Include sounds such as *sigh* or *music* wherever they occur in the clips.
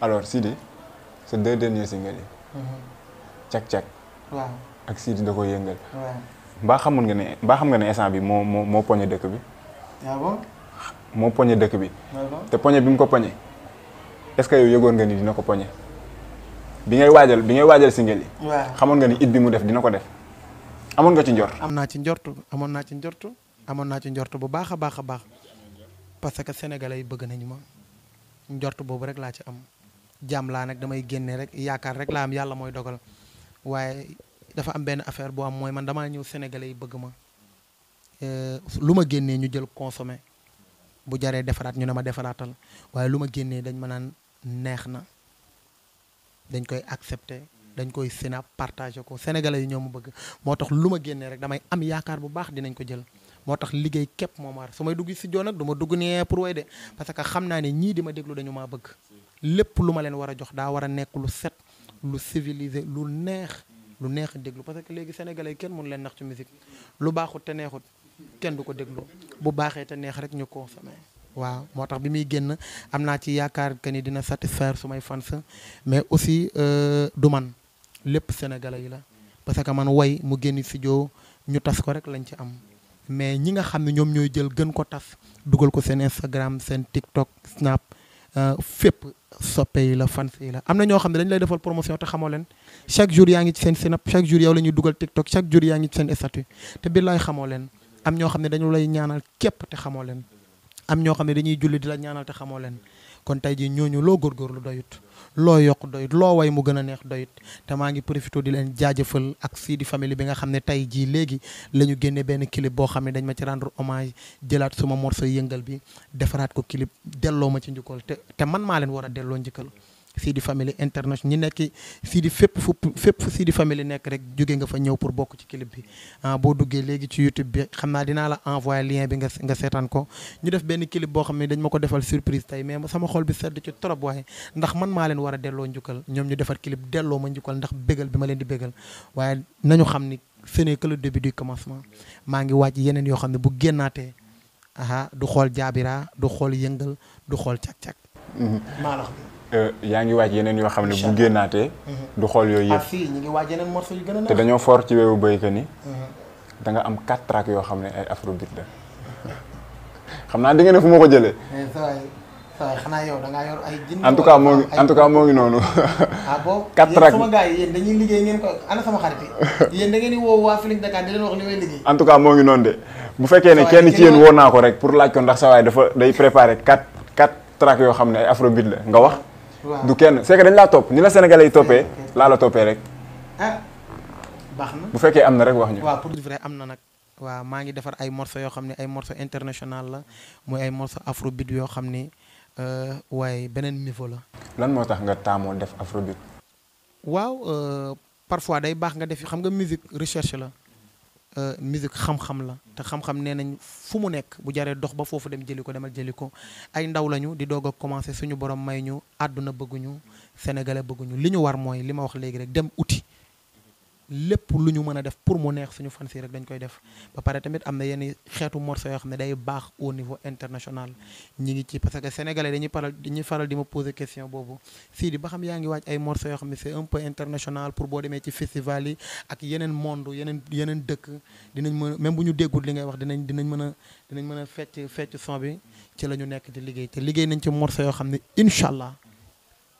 alors Sidi sa deux derniers singles yi. Mm-hmm. cak cak. waaw ak Sidi da ko yëngal. mbaa xamul nga ne mbaa xam nga ne instant bi moo moo moo poñe dëkk bi. ah moo poñe dëkk bi. Ah te poñe bi mu ko poñe est-ce que yow yëgoon nga ni dina ko poñe. bi ngay waajal bi ngay waajal single yi. waaw xamoon nga ni it bi mu def dina ko def amoon nga ci njort. am naa ci njort amoon naa ci njortu amoon naa ci njort bu baax a baax a baax parce que sénégalais yi bëgg nañu ma njort boobu rek laa ci am jàmm laa nag damay génne rek yaakaar rek laa am yàlla mooy dogal waaye dafa am benn affaire bu am mooy man damaa ñëw sénégalais yi bëgg ma eh, lu ma génnee ñu jël consommé bu jaree defaraat ñu ne ma defaraatal waaye lu ma génnee dañ ma naan neex na. dañ koy accepté dañ koy sinap partager ko sénégalais yi ñoo ma bëgg moo tax lu ma génnee rek damay am yaakaar bu baax dinañ ko jël moo tax liggéey képp moo maar su may dugg si joo nag du ma dugg nii pour way de parce que xam naa ne ñii di ma déglu dañu maa bëgg lépp lu ma leen war a jox daa war a nekk lu set lu civilisé lu neex lu neex a déglu parce que léegi sénégalais kenn mënu leen nax ci musique lu baaxut te neexut kenn du ko déglu bu baaxee te neex rek ñu consommé waaw moo tax bi muy génn am naa ci yaakaar que ni dina satisfaire sumay fans mais aussi euh, du man lépp sénégalais yi la parce que man way mu génn joo ñu tas ko rek lañ ci am mais ñi nga xam ni ñoom ñooy jël gën ko tas dugal ko seen Instagram seen TikTok Snap euh, fépp soppe yi la fans yi la am na ñoo xam ne dañ lay defal promotion te xamoo leen chaque jour yaa ngi ci seen Snap chaque jour yow la ñuy dugal TikTok chaque jour yaa ngi seen statut te billaay leen am xam ne dañu lay ñaanal képp te xamoo leen am ñoo xam ne dañuy julli di la ñaanal te xamoo leen kon tey jii ñooñu loo góorgóorlu doyut loo yokk doyut loo way mu gën a neex doyut te maa ngi profité di leen jaajëfal ak Sidi Family bi nga xam ne tey jii léegi la ñu génne benn clip boo xam ne dañ ma ci rendre hommage jëlaat suma morceau yëngal bi defaraat ko clip delloo ma ci njukkal te te man maa leen war a delloo njëkkal Sidi Family International ñi nekk fii di fépp fu fépp fu Sidi Family nekk rek jóge nga fa ñëw pour bokk ci clip bi ah, boo duggee léegi ci YouTube bi xam naa dinaa la envoyé lien bi nga nga seetaan ko ñu def benn clip boo xam ne dañ ma ko defal surprise tey mais sama xol bi sedd ci trop waaye ndax man maa leen war delloo njukkal ñoom ñu defar clip delloo ma njukkal ndax bégal bi ma leen di bégal waaye nañu xam ni ce n'est que début du commencement maa ngi wàcc yeneen yoo xam ne bu génnaatee aha du xool jaabira du xool yëngal du xool càq-càq mm-hmm. maalax yaa ngi waaj yeneen yoo xam ne bu génnaatee. Mm-hmm. du xool yooyu yëpp ah a neex te dañoo foor ci weewu béykat yi. Mm-hmm. da nga am quatre tracks yoo xam ne ay afrobeat *laughs* naa di ngeen ne fu ko jëlee. xanaa yow da ngaa yor ay. jinn en tout cas moo noonu. *laughs* ah boobu yéen *laughs* en tout cas moo ngi noonu de bu fekkee ne kenn ci yéen woo naa ko rek pour laaj ndax sa waay dafa day préparer quatre quatre tracks yoo xam ne ay afrobeat la nga wax. du kenn c'est que dañ laa topp ni la sénégalais yi toppee eh, laa la toppee rek. ah na bu fekkee am na rek wax ñu. waaw pour de vrai am na nag. waaw maa ngi defar ay morceaux yoo xam ne ay morceaux international la muy ay morceaux afrobeat yoo xam ne euh, waaye beneen niveau la. lan moo tax nga taamoo def afrobeat. waaw euh, parfois day baax nga def xam nga musique recherche la. Euh, musique xam-xam la te xam-xam nee nañ fu mu nekk bu jaree dox ba foofu dem jëli ko demal jëli ko ay ndaw lañu di doog a commencé suñu borom may ñu àdduna bëgguñu sénégalais bëgguñu li ñu war mooy li ma wax léegi rek dem uti lépp lu ñu mën a def pour mu neex suñu fans yi rek dañ koy def ba pare tamit am na yenn xeetu morceau yoo xam ne day baax au niveau international ñi ngi ci parce que sénégalais dañuy paral dañuy faral di ma poser question boobu Sidy ba xam yaa ngi waaj ay morceau yoo xam ne c'est un peu international pour boo demee ci festival ak yeneen monde yeneen yeneen dëkk dinañ mën même bu ñu déggul li ngay wax dinañ dinañ mën a dinañ mën a fecc fecc son bi ci la ñu nekk di liggéey te liggéey nañ ci morceau yoo xam ne incha allah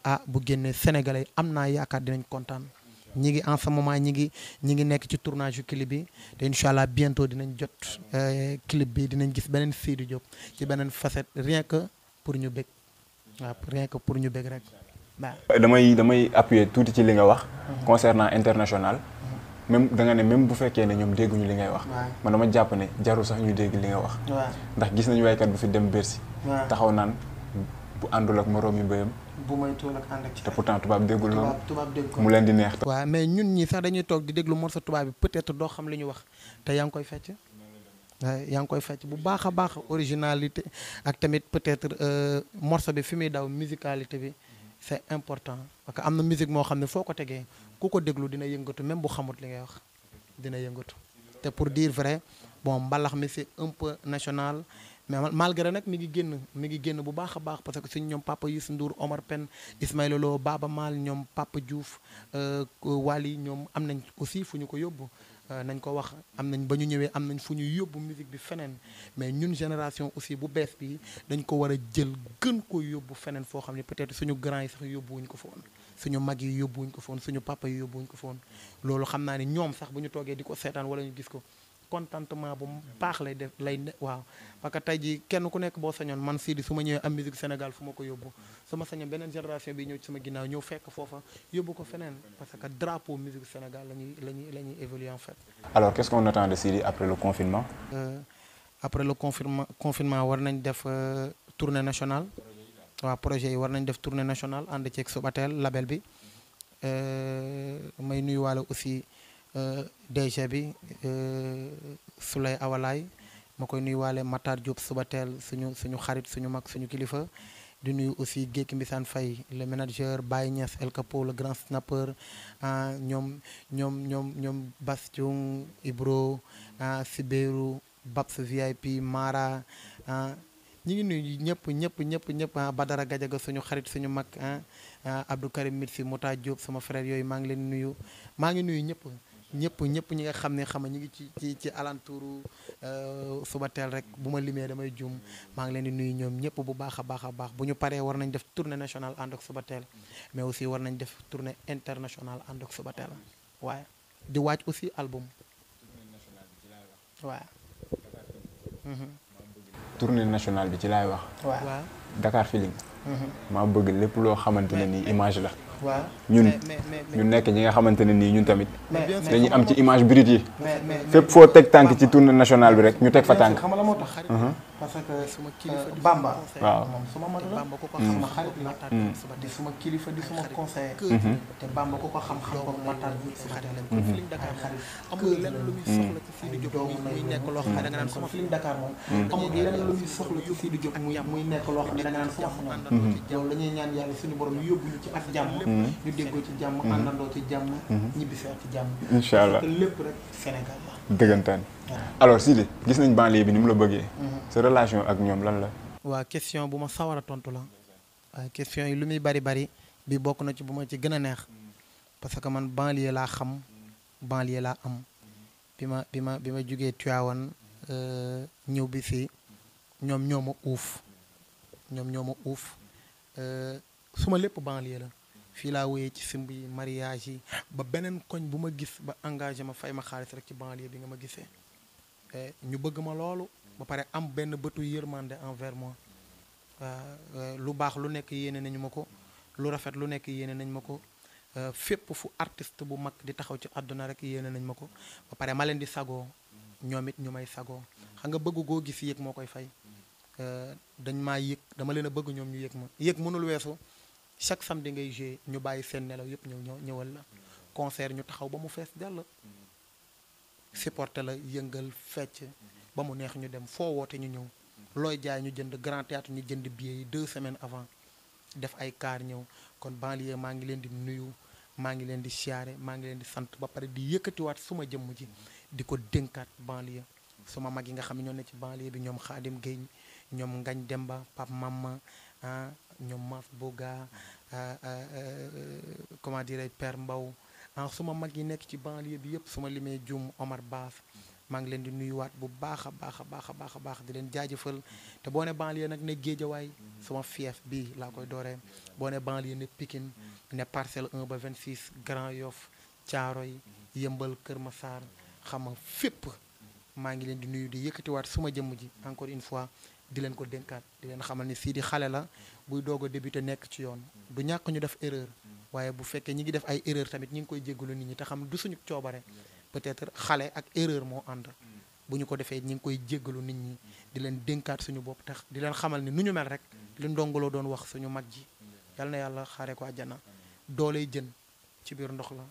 ah bu génnee sénégalais am naa yaakaar dinañ kontaan ñi ngi en ce moment ñi ngi ñi ngi nekk ci tournage yu clip bi te incha allah bientôt dinañ jot euh, clip bi dinañ gis beneen Sidy Diop ci beneen facette rien que pour ñu bëgg pour ñu bëgg rek waaw. damay damay appuyer tuuti ci li nga wax. Mhm. concernant international. Mhm. même danga ne même bu fekkee ne ñoom dégguñu li ngay wax. man dama jàpp ne jarul sax ñu dégg li nga wax. ndax gis nañu waykat bu fi dem Bercy. taxaw naan. bu àndul ak moroom yi mbéyam. te pourtant tubaab déggul tubaab déggul mu leen di neex. waaw mais ñun ñi sax dañuy toog di déglu morceau tubaab bi peut doo xam li ñu wax te yaa ngi koy fecc. bu baax a baax originalité ak tamit peut-être euh, morceau bi fi muy daw musicalité bi c'est important parce que am na musique moo xam ne foo ko tegee ku ko déglu dina yëngatu même bu xamut li ngay wax dina yëngatu te pour dire vrai bon mbalax mi c'est un national. mais malgré nag mi ngi génn mi ngi génn bu baax a baax parce que suñ ñoom papa Youssou Ndour Omar Pène Ismaïla Lo baaba Maal ñoom papa Diouf euh, euh, Wally ñoom am nañ aussi fu ñu ko yóbbu euh, nañ ko wax am nañ ba ñu ñëwee am nañ fu ñu yóbbu musique bi feneen mais ñun génération aussi bu bees bi dañ ko war a jël gën ko yóbbu feneen foo xam ne peut-être suñu grand yi sax wuñ ko foon suñu mag yi yóbbu yóbbuwuñ ko foon suñu papa yi wuñ ko foon loolu xam naa ni ñoom sax bu ñu toogee di ko seetaan wala ñu gis ko contentement bu baax lay def lay waaw parce que tey kenn ku nekk boo sañoon man Sidy su ma ñëwee am musique Sénégal fu ko yóbbu su sañoon beneen génération bi ñëw ci sama ñëw fekk foofa yóbbu ko feneen parce que drapeau musique Sénégal la ñuy la ñuy la ñuy évoluer en fait. alors qu'est-ce qu'on attend de Sidy après le confinement. Euh, après le confinement war nañ def euh, tournée nationale. waaw projet yi war nañ def tournée nationale ànd ceeg Subatel label bi euh, Euh, DG bi euh, Souley Awalaay ma koy nuyuwaale Matar Diop suba teel suñu suñu xarit suñu mag suñu kilifa di nuyu aussi Géeki Mbisaan fay le manager Baye Niass El Capo le grand snapper ah ñoom ñoom ñoom ñoom Bastion Ibro ah Sibéru Babs VIP Mara ah ñi ngi nuyu ñëpp ñëpp ñëpp ñëpp ah Badara Gajaga suñu xarit suñu mag ah, ah Abdou Karim Mitsi Mota Diop sama frère yooyu maa ngi leen nuyu maa ngi nuyu ñëpp. ñëpp ñëpp ñi nga xam ne xam ñu ngi ci ci ci alentouru euh, suba teel rek bu ma limee damay juum maa ngi leen di nuyu ñoom ñëpp bu baax a baax a baax bu ñu paree war nañ def tournée nationale ànd ak suba mais aussi war nañ def tournée internationale ànd ak suba waaye di waaj aussi album. waaw. tournée nationale bi ci laay wax. waaw Dakar Feeling. Mhm. maa bëgg lépp loo xamante ne ni image la. ñun ñu nekk ñi nga xamante ne nii ñun tamit dañuy am ci image brute yi fépp foo teg tànk ci tournée nationale bi rek ñu teg fa tànk xam la moo tax parce euh, que Bamba. waaw moom suma mag la. Mm. suma xarit la. Mm. di suma kilifa di suma conseiller. Mm-hmm. te Bamba ku ko xam-xam ko matal bi suma télé. ay xarit kër ay doomu nag suma Feeling Dakar moom. amul lenn lu muy soxla ci Sidy Diop muy mm-hmm. muy nekk loo xam ne da nga naan suma xamoon. Mm-hmm. yow la ñuy ñaan yàlla suñu borom yóbbu ñu ci ak jàmm. ñu déggoo ci jàmm àndandoo ci jàmm. ñibbisi ak ci jàmm. incha allah lépp rek Sénégal la. dëggantaan alors Sidy gis nañ banlieue bi ni mu la bëggee. relation ak ñoom lan la. waa question bu ma sawar a tontu la waaye question yi lu muy bari bari bi bokk na ci bu ma ci gën a neex parce que man banlieue laa xam banlieue laa am bi ma bi ma bi ma jugee Tivaouane euh, ñëw bi fii ñoom ñoo ma uuf ñoom ñoo ma uuf euh, ma lépp banlieue la. fii laa wooyee ci simb yi mariage yi ba beneen koñ bu ma gis ba engagé ma fay ma xaalis rek ci banlieue bi nga ma gisee ñu bëgg ma loolu ba pare am benn bëtu yërmande envers moi euh, euh, lu baax lu nekk yéene nañu ma ko lu rafet lu nekk yéene nañ ma ko euh, fépp fu artiste bu mag di taxaw ci àdduna rek yéene nañ ma ko ba pare ma leen di sagoo ñoom it ñu may sagoo xam nga bëgg goo gis yéeg moo koy fay dañ maa yëg dama leen a bëgg ñoom ñu yéeg ma yéeg mënul weesu chaque di ngay joué ñu bàyyi seen nelaw yëpp ñëw ñëw ñëwal la concert ñu taxaw ba mu fees dell supporter la yëngal fecc ba mu neex ñu dem foo woote ñu ñëw looy jaay ñu jënd grand théâtre ñu jënd billets yi deux semaines avant def ay kaar ñëw kon banlieue maa ngi leen di nuyu maa ngi leen di siyaare maa ngi leen di sant ba pare di yëkkatiwaat suma jëmm ji di ko dénkaat banlieue suma mag yi nga xam ne ñoo ne ci banlieue bi ñoom Xaadim Guèye ñoom Ngañ Demba Pape Mama ah ñoom Maf Boga ah, ah, euh, comment dirais per Mbaw ah, su ma mag yi nekk ci banlieue bi yëpp suma limee jum Omar maa ngi leen di nuyuwaat bu baax a baax a baax a baax di leen jaajëfal te boo ne banlieue nag ne géejawaay mhm. sama fief bii laa koy dooree boo ne banlieue ne Pikine mhm. ne parcelle un ba vingt 26 Grand Yoff Thiaroye mhm. Yëmbal Kër Massar xam nga fépp maa ngi leen di nuyu di yëkkatiwaat suma jëmm ji encore une fois di leen ko dénkaat di leen xamal ni sii di xale la buy doog a débuté nekk ci yoon bu ñàkk ñu def erreur waaye bu fekkee ñi ngi def ay erreur tamit ñi ngi koy jéggalu nit ñi te xam du suñu coobare peut-être xale ak erreur moo ànd bu ñu ko defee ñu ngi koy jéggalu nit ñi di leen dénkaat suñu bopp tax di leen xamal ni nu ñu mel rek li ndongoloo doon wax suñu mag ji yal na yàlla xaare ko àjjana doole jën ci biir ndox la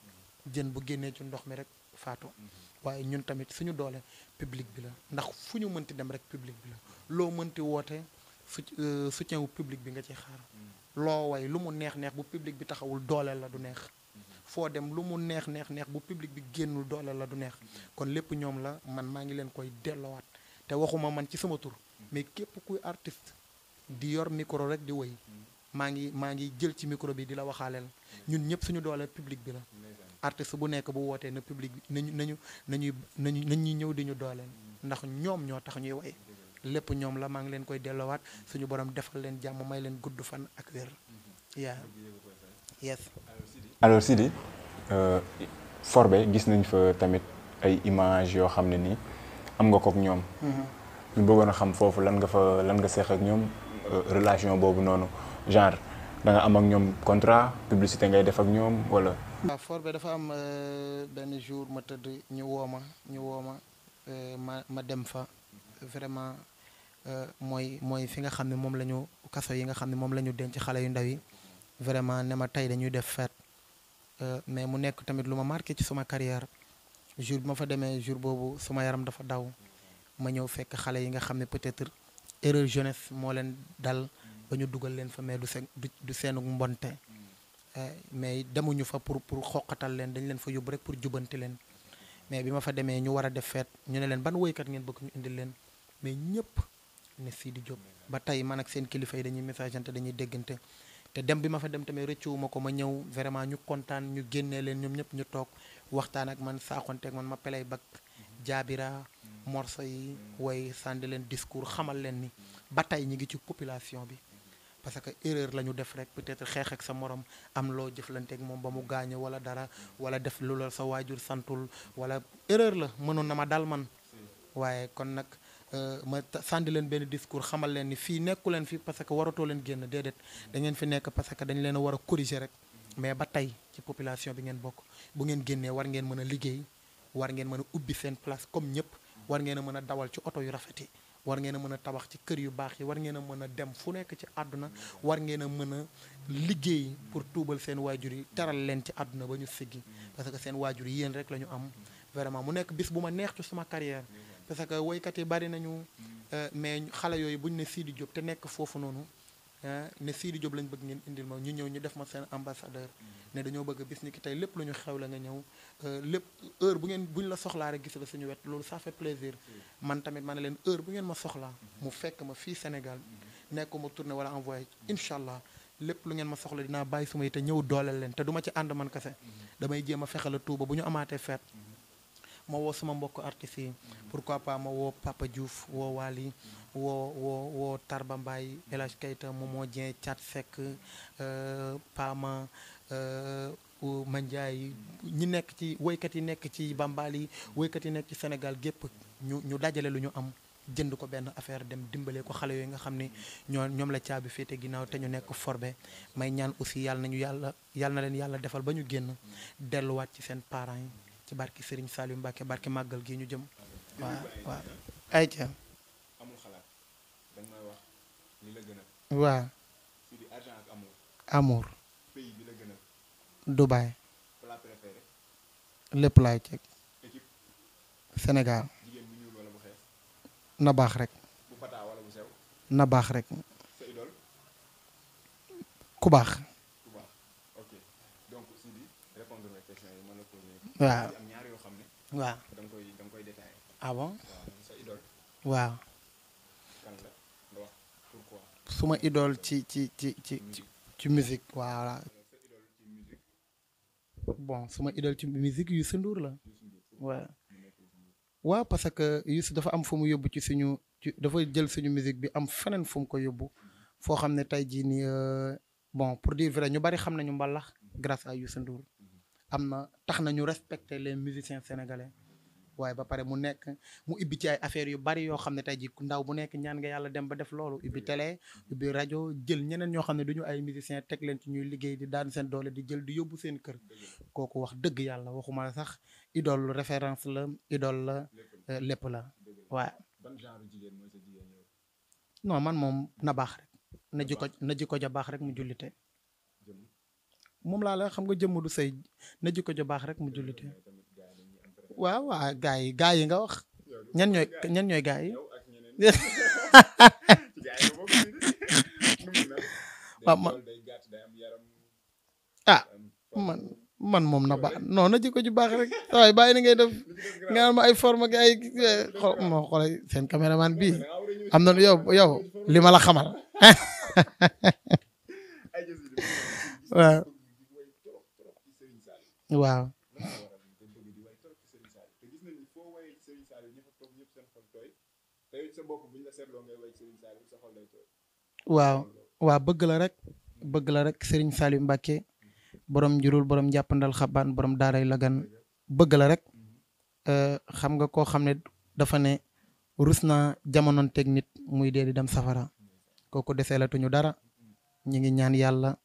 jën bu génnee ci ndox mi rek faatu waaye ñun tamit suñu doole public bi la ndax fu ñu mënti dem rek public bi la loo mënti woote su euh, soutien wu public bi nga ciy xaar loo way lu mu neex neex bu public bi taxawul dooleel la du neex foo dem lu mu neex neex neex bu public bi génnul doole la du neex kon lépp ñoom la man maa ngi leen koy delloowaat te waxuma man ci sama tur mais képp kuy artiste di yor micro rek di woy maa ngi maa ngi jël ci micro bi di la waxaaleel ñun ñëpp suñu doole public bi la artiste bu nekk bu wootee na public na nañu na nañuy na nañuy ñëw di ñu dooleel ndax ñoom ñoo tax ñuy woy lépp ñoom la maa ngi leen koy delloowaat suñu borom defal leen jàmm may leen gudd fan ak wér yaa yes alors Sidi euh, Forbe gis nañ fa tamit ay images yoo xam ne nii am nga kook ñoom. Mm-hmm. ñu bëggoon a xam foofu lan nga fa lan nga seex ak ñoom euh, relation boobu noonu genre da nga am ak ñoom contrat publicité ngay def ak ñoom wala. waaw ah, Forbe dafa am euh, benn jour ma tëdd ñu woo ma ñu woo ma ma ma dem fa vraiment. mooy mooy fi nga xam ne moom la ñu kaso yi nga xam ne moom la ñu denc xale yu ndaw yi vraiment ne ma tey dañuy def fête Euh, mais mu nekk tamit lu ma marqué ci suma carrière jour bi ma fa demee jour boobu suma yaram dafa daw ma ñëw fekk xale yi nga xam ne peut-être erreur moo leen dal ba ñu dugal leen fa mais du seen du seenug mbonte euh, mais demuñu fa pour pour xoqatal leen dañ leen fa yóbbu rek pour jubanti leen mais bi ma fa demee ñu war a def feet ñu ne leen ban woykat ngeen bëgg ñu indil leen mais ñëpp ne di Diop ba tey man ak seen kilifa yi dañuy message messageante dañuy déggante te dem bi ma fa dem tamit rëccuwuma ko ma ñëw vraiment ñu kontaan ñu génnee leen ñoom ñëpp ñu toog waxtaan ak man saaxonte ak man ma pelay bak jaabira morso yi woy sànni leen discours xamal leen ni ba tey ñi ngi ci population bi parce que erreur la ñu def rek peut-être xeex ak sa morom am loo jëflanteeg moom ba mu gaaño wala dara wala def lu la sa waajur santul wala erreur la mënoon na ma daal man waaye kon nag Euh, ma sàndi leen benn discours xamal leen ni fii nekku fi parce que waratoo leen génn déedéet da ngeen fi nekk parce que dañ leen a war a corriger rek mais ba tey ci population bi ngeen bokk bu ngeen génnee war ngeen mën a liggéey war ngeen mën a ubbi seen place comme ñëpp war ngeen a mën a dawal ci oto yu rafet yi war ngeen a mën a tabax ci kër yu baax yi war ngeen a mën a dem fu nekk ci àdduna war ngeen a mën a liggéey pour tuubal seen waajur yi teral leen ci àdduna ba ñu siggi parce que seen waajur yéen rek la ñu am vraiment mu nekk bis bu ma neex ci sama carrière parce que woykat yi bari nañu euh, mais xale yooyu bu buñ ne Sidi Diop te nekk foofu noonu ne Sidi Diop lañ bëgg ngeen indil ma ñu ñëw ñu def ma seen ambassadeur mm-hmm. ne dañoo bëgg bis ni ki tey lépp lu ñu xew la nga ñëw euh, lépp heure bu ngeen buñ la soxlaa rek gis la suñu wet loolu ça fait plaisir mm-hmm. man tamit ma ne leen heure bu ngeen ma soxlaa mm-hmm. mu fekk ma fii Sénégal nekkuma tourné wala envoyé incha allah lépp lu ngeen ma soxla dinaa bàyyi suma yi te ñëw dooleel leen te du ci ànd man kese damay jéem a fexe la bu ñu amaatee feet moo woo sama mbokk artistes yi pourquoi pas ma woo Papa Diouf woo Wally woo woo woo Tarba Mbaye El Hadj Keita Momo Dieng Thiat Seck euh, Pama euh, Mandiaye ñi nekk ci woykat yi nekk ci Bambali woykat yi nekk ci senegal gépp ñu ñu dajale lu ñu am jënd ko benn affaire dem dimbalee ko xale yooyu nga xam ni ñoo ñoom la caabi féete ginnaaw te ñu nekk forbe may ñaan aussi yàlla nañu yàlla yàlla na leen yàlla defal ba ñu génn delluwaat ci seen parents yi ci barki Serigne yu Mbacke barki màggal gi ñu jëm. waaw waaw ay ca amul xalaat da nga wax li la gënal. waaw. ci bi argent ak amour. amour. pays bi la gënal. Dubaï. plat préféré. lépp Sénégal. wala bu xees. na baax rek. bu wala bu sew. na baax rek. ku baax. waaw waaw ah bon waaw suma idole ci ci ci ci ci musique voilà bon suma idole ci musique Youssou Ndour la waaw parce que Youssou dafa am fu mu yóbbu ci suñu ci dafa jël suñu musique bi am feneen fu ko yóbbu mm-hmm. foo xam ne tey jii nii euh, bon pour dire vrai ñu bari xam nañu mbalax mm-hmm. grâce à yu Ndour am na tax na ñu respecter les musiciens sénégalais waaye ba pare mu nekk mu ibbi ci ay affaires yu bari yoo xam ne tey ji ndaw bu nekk ñaan nga yàlla dem ba def loolu ubbi télé ubbi rajo jël ñeneen ñoo xam ne du ñu ay musiciens teg leen ci ñuy liggéey di daan seen doole di jël di yóbbu seen kër kooku wax dëgg yàlla waxuma sax idole référence la idole la euh, lépp la waaye ban jigéen mooy sa man moom na baax rek na jikko na jikko ja baax rek mu jullite moom laa la xam nga jëmm du sëy na jikko ju baax rek mu jullite waaw waaw gaa yi gaa yi nga wax ñan ñooy ñan ñooy *laughs* ah, man ah man moom na baax no na jikko ju baax rek waaye bàyyi na ngay def nga am ay forme ak ay xol moo xool seen am na yow yow li ma la xamal *laughs* waaw waaw. waaw waaw bëgg la rek bëgg la rek Serigne Saliou Mbacke borom njurul borom jàppandal xabaan borom daaray lagan bëgg la rek euh, xam nga koo xam ne dafa ne rus naa jamonoon teg nit muy dee di dem safara kooku desee tuñu dara ñu ngi ñaan yàlla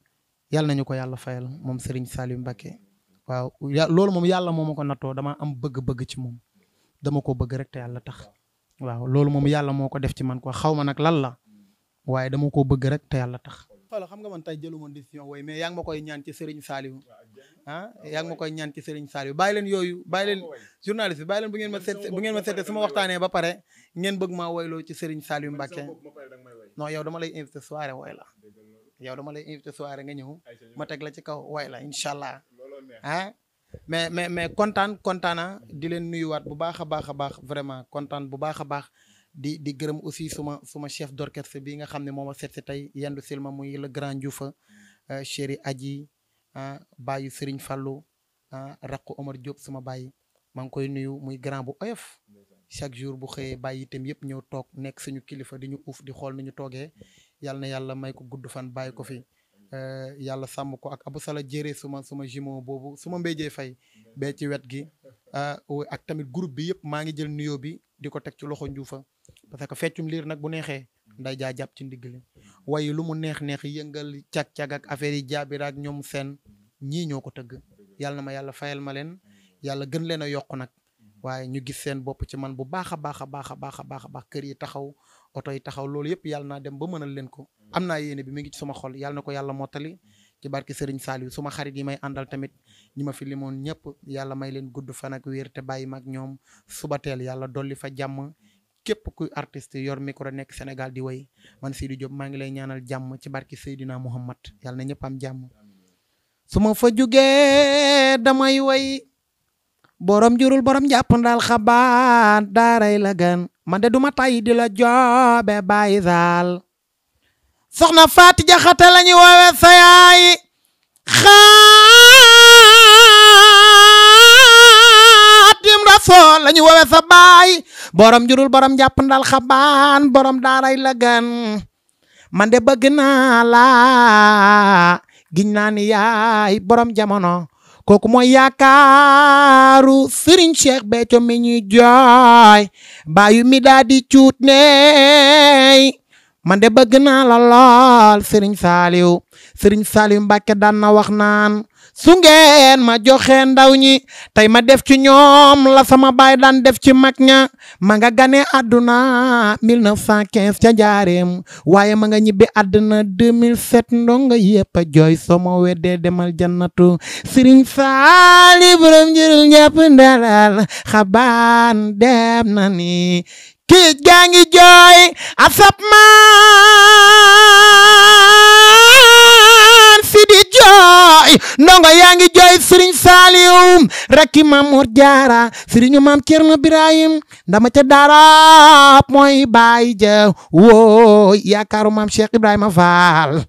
yàlla nañu ko yàlla fayal moom Serigne Saliou Mbacke waaw loolu moom yàlla moom ma ko nattoo damaa am bëgg-bëgg ci moom dama ko bëgg rek te yàlla tax waaw loolu moom yàlla moo ko def ci man quoi xaw ma nag lan la waaye dama ko bëgg rek te yàlla tax. xoolal xam nga man tey jëluma décision wooy mais yaa ngi ma koy ñaan ci Serigne Saliou ah yaa ngi ma koy ñaan ci Serigne Saliou bàyyi leen yooyu bàyyi leen journaliste bi bàyyi leen bu ngeen ma seet bu ngeen ma seetee su ma waxtaanee ba pare ngeen bëgg maa woyloo ci Serigne Saliou Mbacké non yow dama lay invité soirée wooy la yow dama lay invité soirée nga ñëw ma teg la ci kaw wooy la incha allah ah mais mais mais kontaan kontaan naa di leen nuyuwaat bu baax a baax a baax vraiment kontaan bu baax a baax di di gërëm aussi suma suma chef d'orchestre bi nga xam ne moom a seet si tey yendu silma muy le grand Ndioufa ah, chéri Aji ah baayu Serigne Fallou ah rakku Omar Diop suma baay maa ngi koy nuyu muy grand bu oyof chaque jour bu xëyee bàyyi itam yëpp ñëw toog nekk suñu kilifa di ñu uuf di xool nu ñu toogee yàlla na yàlla may ko gudd fan bàyyi ko fi. Eh, yàlla sàmm ko ak abu sala jëre suma suma jumeau boobu suma mbéjee fay bee ci wet gi eh, ak tamit groupe bi yëpp maa ngi jël nuyoo bi di ko teg ci loxo njuufa parce que feccum liir nag bu neexee nday jaa jàpp ci ndigg li waaye lu mu neex neex yëngal cag-cag ak affaire yi jaabiraak ñoom seen ñii ñoo ko tëgg yàlla ma yàlla fayal ma leen yàlla gën leen a yokk nag waaye ñu gis seen bopp ci man bu baax a baax a baax a baax a baax a baax kër yi taxaw oto yi taxaw loolu yëpp yàlla naa dem ba mënal leen ko am naa yéene bi mu ngi ci suma xol yàlla ko yàlla mottali ci barke Serigne Saliou suma xarit yi may àndal tamit ñi ma fi limoon ñëpp yàlla may leen gudd fan ak wér te bàyyi mag ñoom subateel teel yàlla dolli fa jàmm képp kuy artiste yor micro nekk Sénégal di woy man Sidi Diop maa ngi lay ñaanal jàmm ci barke Seydina Muhammad yàlla na ñëpp am jàmm. su ma fa jugee damay woy borom jurul borom jàpp ndaal xabaar daaray la gën man de duma tay di la joobe bàyyi daal soxna faati jaxate la ñu woowe sa yaay xaatim rasool la ñu woowe sa baay borom jurul borom jàpp ndal xabaan borom daaray la gan man de bëgg naa la giñ naa ni yaay borom jamono kooku mooy yaakaaru Serigne Cheikh Béthio mi ñuy jooy baayu mi daa di cuut ney ma de bëgg naa la lool Serigne Saliou Serigne Saliou Mbacke daan na wax naan su ngeen ma joxe ndaw ñi tey ma def ci ñoom la sama baay daan def ci mag ña ma nga gane àdduna 1915 ca jaareem waaye ma nga ñibbi àdduna 2007 ndonga yëpp a jooy soo ma wede demal jannatu Serigne Saliou borom njëriñ ñëpp ndalal xabaan dem na ni géej gaa ngi jooy asap maan si jooy ndongo yaa ngi jooy sëriñ Saaliw rakki maam Mor Jaara sëriñu maam Cerno Birahim ndama ca daara mooy baay ja wooy yaakaaru maam Cheikh Ibrahima Fall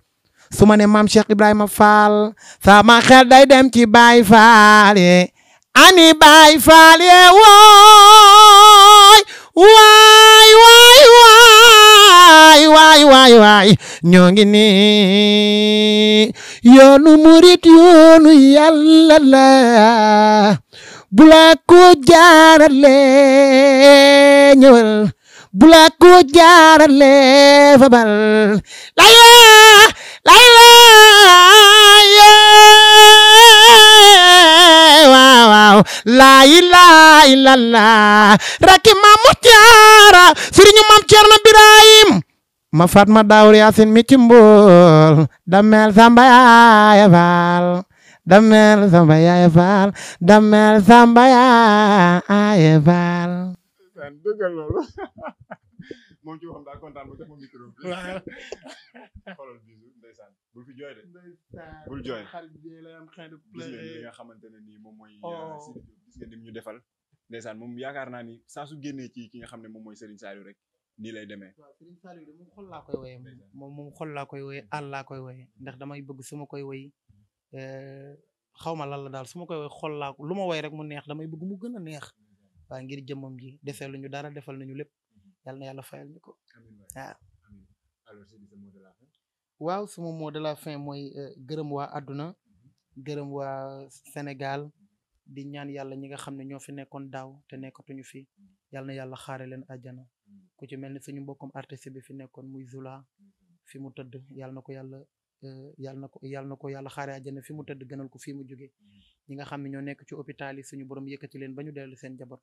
su ma ne maam Cheikh Ibrahima Fall sama xel day dem ci baay faal ani baay faal ye wooy waay waay waay waay waay waay ñoo ngi ni yoonu murit yoonu yàlla la bula ko jaarale ñëwal bula ko fabal layla layla waaw waaw la ilaha illallah rakki ma fat ma dawr yasin mi ci mbool damel samba yaaya faal damel samba yaaya faal damel samba yaaya faal dëggal loolu *laughs* moom ci waxam bi *laughs* xoolal bisu ndeysaan bul xamante ne nii moom mooy oh. euh, gis ñu defal ndeysaan moom yaakaar naa ni saa su génnee ci ki nga xam ne moom mooy Serigne Saliou rek nii lay demee. waaw Serigne laa koy woyee moom moom xol laa koy woyee àll laa koy woyee ndax damay bëgg suma koy woy mm-hmm. eh, xawma ma lan la daal su ma koy woy xol laa lu ma woy rek mu neex damay bëgg mu gën a neex ngir jëmmam ji defee lu ñu dara defal nañu lépp mm-hmm. yàlla na yàlla waaw suma mot de fin mooy eh, gërëm waa àdduna mm-hmm. gërëm waa Sénégal di ñaan yàlla ñi nga xam ne ñoo fi nekkoon daaw te nekkatuñu fi yàlla na yàlla xaare leen àjjana ku ci mel ni suñu mbokkum artiste bi fi nekkoon muy Zula fi mu tëdd yàlla na ko yàlla eh, yàlla na ko yàlla na ko yàlla xaare àjjana fi mu tëdd gënal ko fii mu jóge ñi nga xam ne ñoo nekk ci hôpital yi suñu borom yëkkati leen ba ñu dellu seen jaboot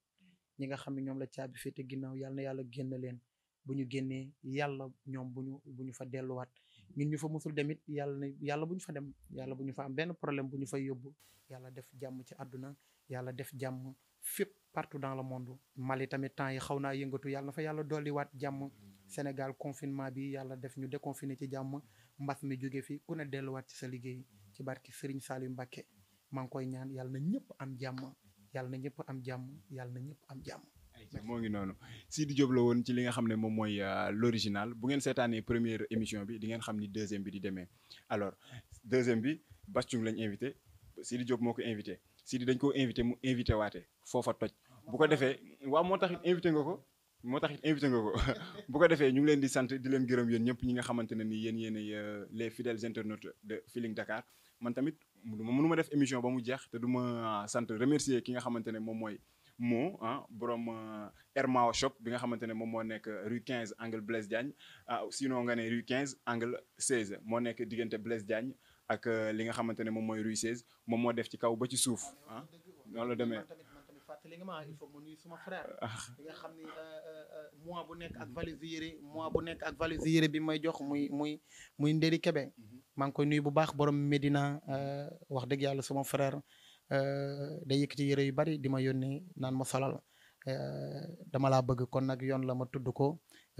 ñi nga xam ñoom la caabi féete ginnaaw yàlla na yàlla génn leen bu ñu génnee yàlla ñoom bu ñu bu ñu fa delluwaat ñun ñu fa musul demit it na yàlla bu ñu fa dem yàlla bu ñu fa am benn problème bu ñu fay yóbbu yàlla def jàmm ci àdduna yàlla def jàmm fépp partout dans le monde Mali tamit temps yi xaw naa yëngatu yàlla na fa yàlla dolliwaat jàmm Sénégal confinement bi yàlla def ñu déconfiné ci jàmm mbas mi jóge fii ku ne delluwaat ci sa liggéey ci barki Serigne Saliou Mbacké maa ngi koy ñaan yàlla na ñëpp am jàmm yàlla na ñëpp am jàmm yàlla na ñëpp am jàmm moo ngi noonu Sidy Diop la woon ci li nga xam ne moom mooy euh, l'original bu ngeen seetaanee première émission bi di ngeen xam ni deuxième bi di demee alors deuxième bi Bass Thioung lañ invité di Diop moo ko invité Sidy dañ ko invité mu invité waate foofa toj bu ko defee waaw moo taxit invité nga ko moo tax it invité nga ko *laughs* bu ko defee ñu ngi leen di sant di leen gërëm yéen ñëpp ñi nga xamante ne ni yéen yéen euh, les fidèles internautes de Feeling Dakar man tamit mënu ma def émission ba mu jeex te du ma euh, sant remercier ki xamante ne moom mooy moo ah borom Hermao euh, shop bi nga xamante ne moom moo nekk rue 15 angle Blaise Diagne ah sinon nga ne rue 15 angle 16 moo nekk diggante Blaise Diagne ak euh, li nga xamante ne moom mooy rue 16 moom moo def ci kaw ba ci suuf ah. noonu demee fàttali ma il faut ma suma frère ah. nga xam ni euh, mois bu nekk ak valise yére mois bu nekk ak valise yére bi may jox muy muy muy Nderi Kebe mhm. maa ngi koy nuyu bu baax borom Medina wax dëgg yàlla suma frère day yëkkati yére yu bari di ma yónni naan ma solal dama laa bëgg kon nag yoon la ma tudd ko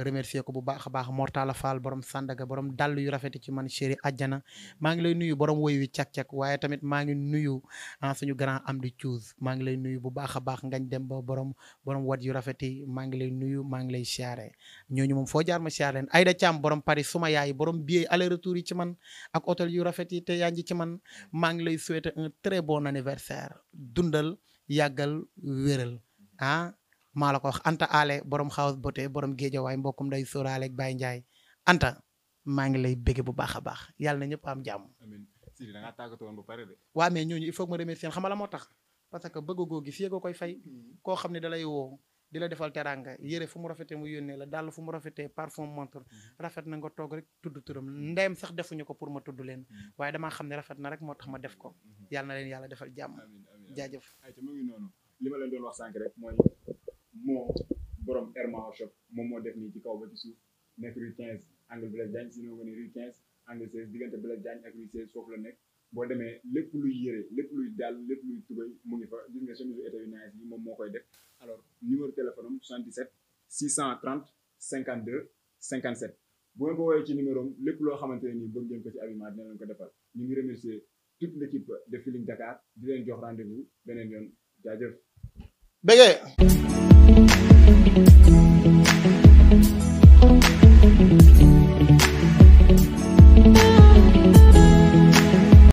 remercier ko bu baax a baax Mortala Fall borom Sandaga borom dàll yu rafet ci man chéri àjjana maa ngi lay nuyu borom woy wi cak-cak waaye tamit maa ngi nuyu ah suñu grand am di Thiouz maa ngi lay nuyu bu baax a baax ngañ dem ba borom borom wat yu rafet yi maa ngi lay nuyu maa ngi lay siyaare ñooñu moom foo jaar ma siyaare leen ay Aïda Thiam borom Paris suma yaay borom billet aller retour yi ci man ak hôtel yu rafet yi te yaa ngi ci man maa ngi lay souhaiter un très bon anniversaire dundal yàggal wéral ah. maa la ko wax Anta Ale borom xawas bote borom géejawaay mbokkum day sóoraale ak Baye Ndiaye Anta maa ngi lay bëgge bu baax a baax yàlla na ñëpp am jàmm. amiin Sidi da ngaa tàggatoo woon ñooñu il faut ma remercier xam nga la moo tax parce que bëgg goo gi fii nga koy fay. Hmm. xam ne da lay woo di la defal teraanga yére fu mu rafetee mu yónnee la dàll fu mu rafetee parfum montre hmm. rafet na nga toog rek tudd turam ndeyam sax defuñu ko pour ma tudd leen hmm. waaye damaa xam ne rafet na rek moo tax ma def ko yàlla na leen yàlla defal jàmm jaajëf. ayca moo borom Herman shop moom moo def nii ci kaw ba ci suuf nekk rue 15 angle Blaise si nga ko nii rue 15 angle diggante Blaise Diagne ak rue 16 foofu la nekk boo demee lépp luy yére lépp luy dàll lépp luy tubay mu ngi fa gis nga chemise yi moom moo koy def alors numéro téléphone am 77 630 52 57 bu ngeen ko woowee ci numéro lépp loo xamante ne nii bëgg ngeen ko ci habillement dina leen ko defal ñu ngi remercier toute l'équipe de Feeling Dakar di leen jox rendez-vous beneen yoon jaajëf.